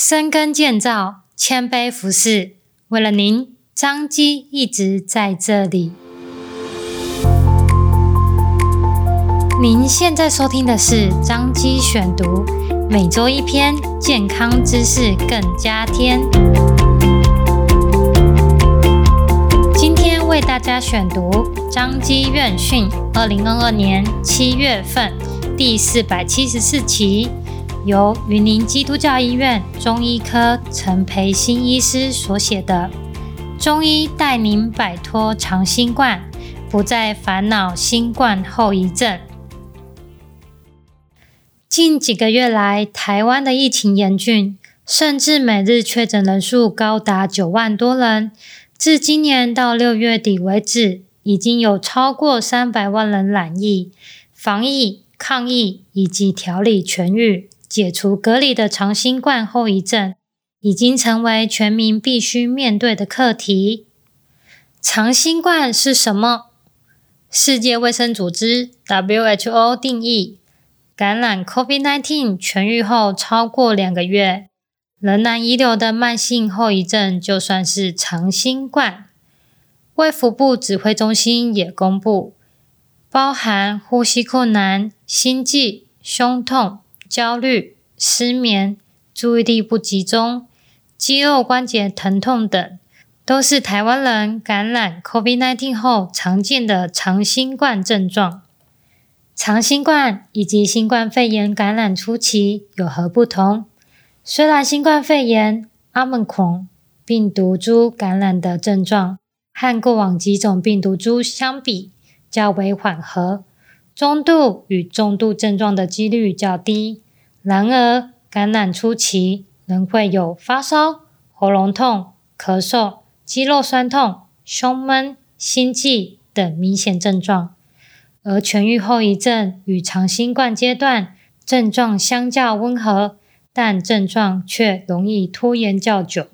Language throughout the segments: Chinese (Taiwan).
深耕建造，謙卑服侍。為了您，彰基一直在這裡。您現在收聽的是彰基選讀，每周一篇健康知識，更加添。今天為大家選讀彰《彰基院訊》二零二二年七月份第四百七十四期。由雲林基督教醫院中醫科陳培鑫醫師所寫的《中醫帶您擺脫長新冠，不再煩惱新冠後遺症》。近幾個月來，台灣的疫情嚴峻，甚至每日確診人數高達九萬多人。自今年到六月底為止，已經有超過三百萬人染疫，防疫、抗疫以及調理痊癒。解除隔離的長新冠後遺症已經成為全民必須面對的課題。長新冠是什麼？世界衛生組織 （WHO） 定義：感染 COVID-19 痊癒後超過兩個月，仍然遺留的慢性後遺症，就算是長新冠。衛福部指揮中心也公布，包含呼吸困難、心悸、胸痛。焦慮、失眠、注意力不集中、肌肉關節疼痛等，都是臺灣人感染 COVID-19 後常見的長新冠症狀。長新冠以及新冠肺炎感染初期有何不同？雖然新冠肺炎 Omicron 病毒株感染的症狀和過往幾種病毒株相比較為緩和。中度與重度症狀的幾率較低，然而感染初期，仍會有發燒、喉嚨痛、咳嗽、肌肉痠痛、胸悶、心悸等明顯症狀。而痊癒後遺症與長新冠階段症狀相較溫和，但症狀卻容易拖延較久。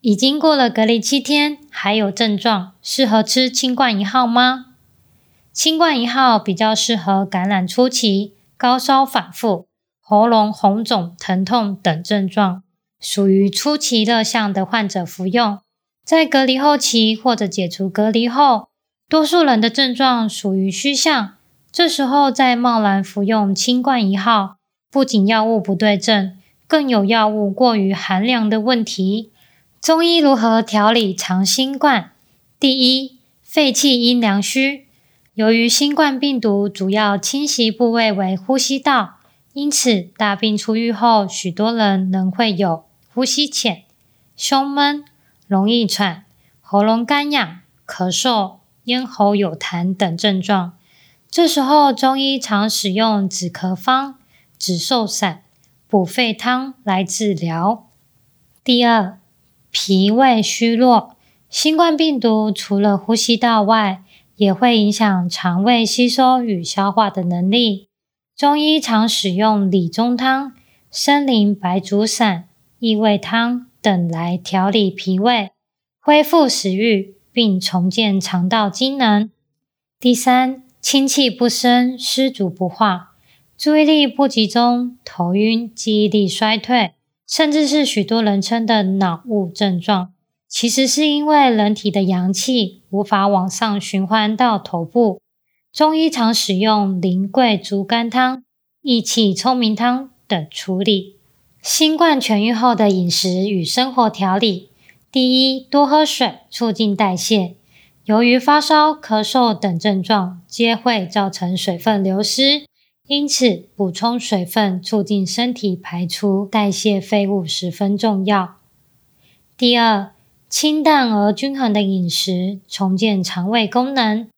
已經過了隔離七天，還有症狀，適合吃清冠一號嗎？清冠一號比較適合感染初期、高燒反覆、喉嚨紅腫疼痛等症狀，屬於初期熱象的患者服用。在隔離後期或者解除隔離後，多數人的症狀屬於虛象，這時候再貿然服用清冠一號，不僅藥物不對症，更有藥物過於寒涼的問題。中醫如何調理長新冠？第一，肺氣陰兩虛。由於新冠病毒主要侵襲部位為呼吸道，因此大病初癒後，許多人仍會有呼吸淺、胸悶、容易喘、喉嚨乾癢、咳嗽、咽喉有痰等症狀。這時候，中醫常使用止咳方、止嗽散、補肺湯來治療。第二，脾胃虛弱。新冠病毒除了呼吸道外，也會影響腸胃吸收與消化的能力。中醫常使用理中湯、參苓白朮散、益胃湯等來調理脾胃，恢復食慾，並重建腸道機能。第三，清氣不升，濕阻不化，注意力不集中，頭暈，記憶力衰退，甚至是許多人稱的腦霧症狀。其實是因為人體的陽氣無法往上循環到頭部，中醫常使用苓桂朮甘湯、益氣聰明湯等處理新冠痊癒後的飲食與生活調理。第一，多喝水促進代謝，由於發燒、咳嗽等症狀皆會造成水分流失，因此補充水分促進身體排出代謝廢物十分重要。第二，清淡而均衡的飲食，重建腸胃功能。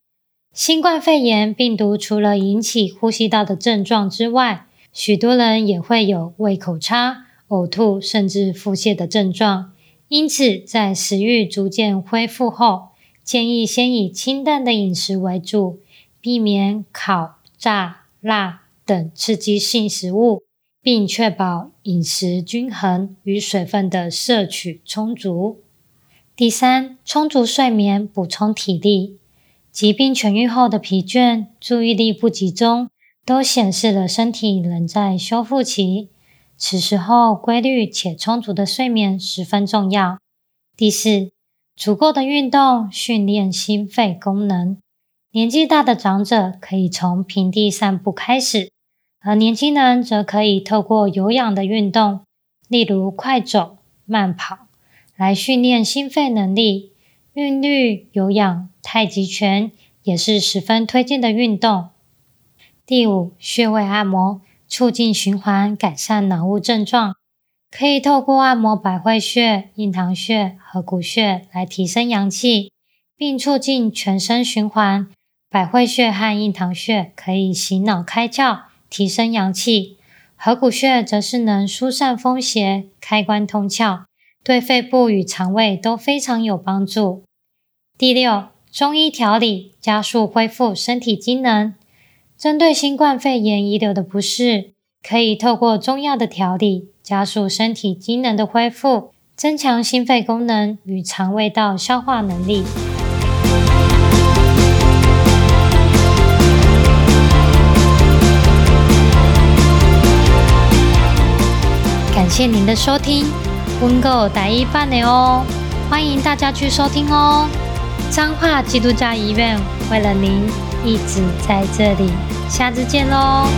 新冠肺炎病毒除了引起呼吸道的症狀之外，許多人也會有胃口差、嘔吐甚至腹瀉的症狀。因此，在食慾逐漸恢復後，建議先以清淡的飲食為主，避免烤、炸、辣等刺激性食物，並確保飲食均衡與水分的攝取充足。第三，充足睡眠補充體力。疾病痊癒後的疲倦、注意力不集中，都顯示了身體仍在修復期。此時候，規律且充足的睡眠十分重要。第四，足夠的運動訓練心肺功能。年紀大的長者可以從平地散步開始，而年輕人則可以透過有氧的運動，例如快走、慢跑。來訓練心肺能力，韻律、有氧、太極拳也是十分推薦的運動。第五，穴位按摩促進循環，改善腦霧症狀。可以透過按摩百會穴、印堂穴、合谷穴來提升陽氣，並促進全身循環。百會穴和印堂穴可以醒腦開竅，提升陽氣；合谷穴則是能疏散風邪，開關通竅。對肺部與腸胃都非常有幫助。第六，中醫調理加速恢復身體機能。針對新冠肺炎遺留的不適，可以透過中藥的調理，加速身體機能的恢復，增強心肺功能與腸胃道消化能力。感謝您的收聽。溫哥打一半的哦，歡迎大家去收聽哦。彰化基督教醫院為了您一直在這裡，下次見嘍。